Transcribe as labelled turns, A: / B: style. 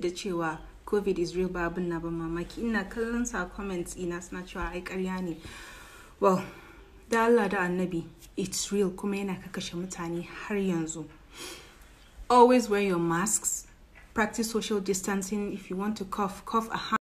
A: da cewa covid is real babu na ban mamaki ina kallon sa comments ina suna cewa ai karya ne well da Allah da annabi it's real kuma yana kaka mutane har yanzu always wear your masks practice social
B: distancing if you want to cough cough a